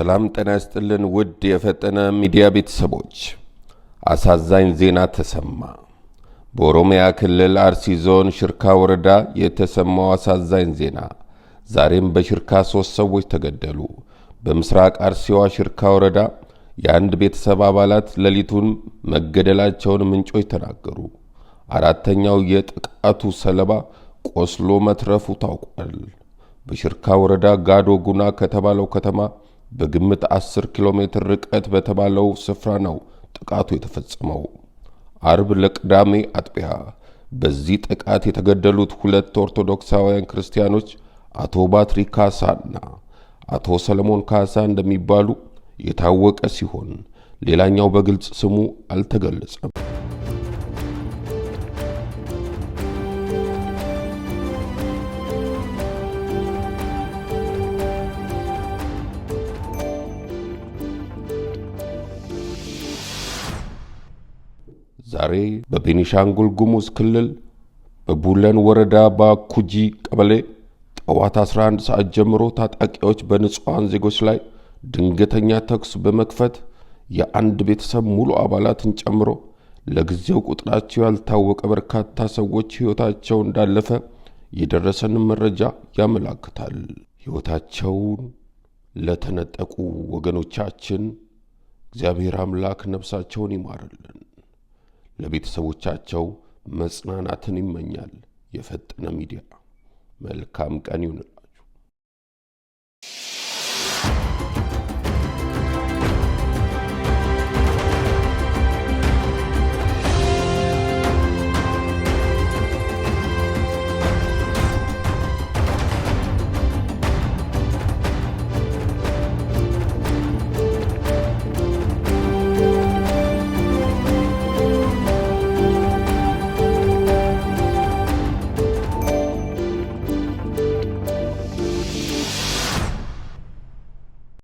ሰላም ጤና ይስጥልን ውድ የፈጠነ ሚዲያ ቤተሰቦች፣ አሳዛኝ ዜና ተሰማ። በኦሮሚያ ክልል አርሲ ዞን ሽርካ ወረዳ የተሰማው አሳዛኝ ዜና ዛሬም በሽርካ ሦስት ሰዎች ተገደሉ። በምስራቅ አርሲዋ ሽርካ ወረዳ የአንድ ቤተሰብ አባላት ሌሊቱን መገደላቸውን ምንጮች ተናገሩ። አራተኛው የጥቃቱ ሰለባ ቆስሎ መትረፉ ታውቋል። በሽርካ ወረዳ ጋዶ ጉና ከተባለው ከተማ በግምት 10 ኪሎ ሜትር ርቀት በተባለው ስፍራ ነው ጥቃቱ የተፈጸመው። አርብ ለቅዳሜ አጥቢያ በዚህ ጥቃት የተገደሉት ሁለት ኦርቶዶክሳውያን ክርስቲያኖች አቶ ባትሪ ካሳና አቶ ሰለሞን ካሳ እንደሚባሉ የታወቀ ሲሆን ሌላኛው በግልጽ ስሙ አልተገለጸም። ዛሬ በቤኒሻንጉል ጉሙዝ ክልል በቡለን ወረዳ ባኩጂ ቀበሌ ጠዋት 11 ሰዓት ጀምሮ ታጣቂዎች በንጹሐን ዜጎች ላይ ድንገተኛ ተኩስ በመክፈት የአንድ ቤተሰብ ሙሉ አባላትን ጨምሮ ለጊዜው ቁጥራቸው ያልታወቀ በርካታ ሰዎች ሕይወታቸው እንዳለፈ የደረሰንም መረጃ ያመላክታል። ሕይወታቸውን ለተነጠቁ ወገኖቻችን እግዚአብሔር አምላክ ነፍሳቸውን ይማርልን። ለቤተሰቦቻቸው መጽናናትን ይመኛል። የፈጠነ ሚዲያ መልካም ቀን ይሁንላ።